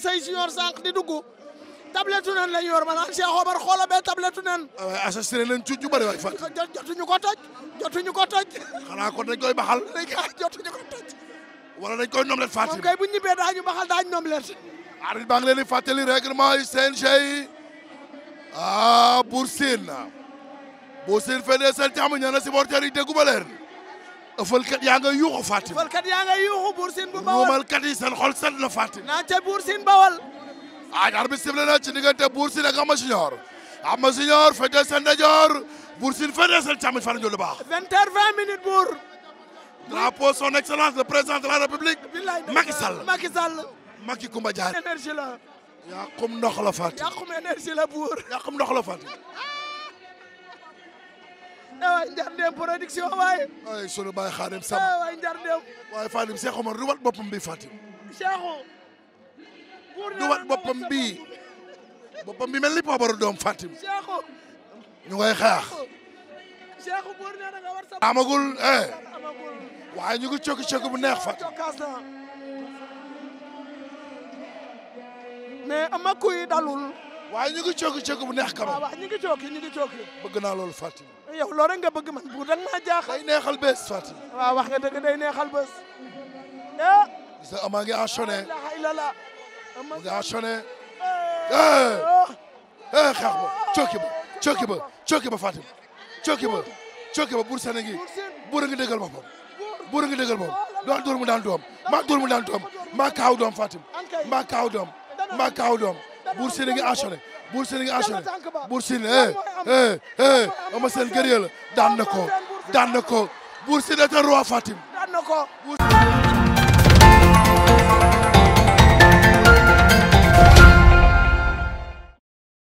sey say siñoor sànq di dugg tabletu nen lañ yor ma naan Cheikh Omar xoola bee tabletu nen waaw ah assassiné leen cuuj ju bëri waay fat jotuñu ko toj jotuñu ko toj xanaa kon dañ koy baxal jotuñu ko toj wala dañ koy nomlet Fatim moom kay bu ñibbee daañu baxal daañu nomlet arbitre baa ngi leen di fàttali règlement yi CNG yi ah Bour Sine Bour Sine fedee seen jàmm ñaana supporters yi déggu ba ëffalkat yaa ngay yuuxu Fatim. ëffalkat yaa ngay yuuxu Buur Sine bu Bawal. ruumalkat yi seen xol set na Fatim. naa ca Buur Sine Bawal. ah arbitre sifflé na ci diggante Buur Sine ak Ama Junior. Ama Junior féetee seen ndijoor Buur Sine féetee seen càmmoñ fan la ñu lu baax. vingt heures vingt minutes Buur. drapeau son excellence le président de la république. Macky Sall Macky Sall. Macky Koumba Diagne. énergie la. yaa xum ndox la Fatim. yaa xum énergie la Buur. yaa xum ndox la Fatim. ah waay Ndiar Deme waaye sunu baay Xaadim Samb waaye Fatim Cheikh Omar du wat boppam bii Fatim. Cheikh. du wat boppam bii boppam bi mel ni poobaru doom Fatim. Cheikh. ñu ngay xaax. Cheikh amagul eh. waaye ñu cokki cokki bu neex Fatim. mais ama kuy dalul. waa ñu ngi cooki cooki bu neex kam waaw waaw ñu bëgg naa loolu Fatim eh, yow loolu rek nga bëgg man bu da nga maa neexal bés Fatim waaw wax nga dëgg day neexal bés ah gis nga amaa ngi enchaîné lala mu ngi enchaîné eh. xeex ba cooki ba cooki ba ba Fatim ba cooki sene ngi buur a ngi dëggal boppam buur a ngi dëggal boppam doon dóor mu daan doom maa dóor mu daan doom maa kaaw doom Fatim maa kaaw doom maa kaaw doom Buur Sine ngi enchaîné Buur Sine ngi enchaîné Buur Sine eh, eh eh Eumeu Sène guerrier la daan na ko daan na ko Buur Sine était roi Fatim daan na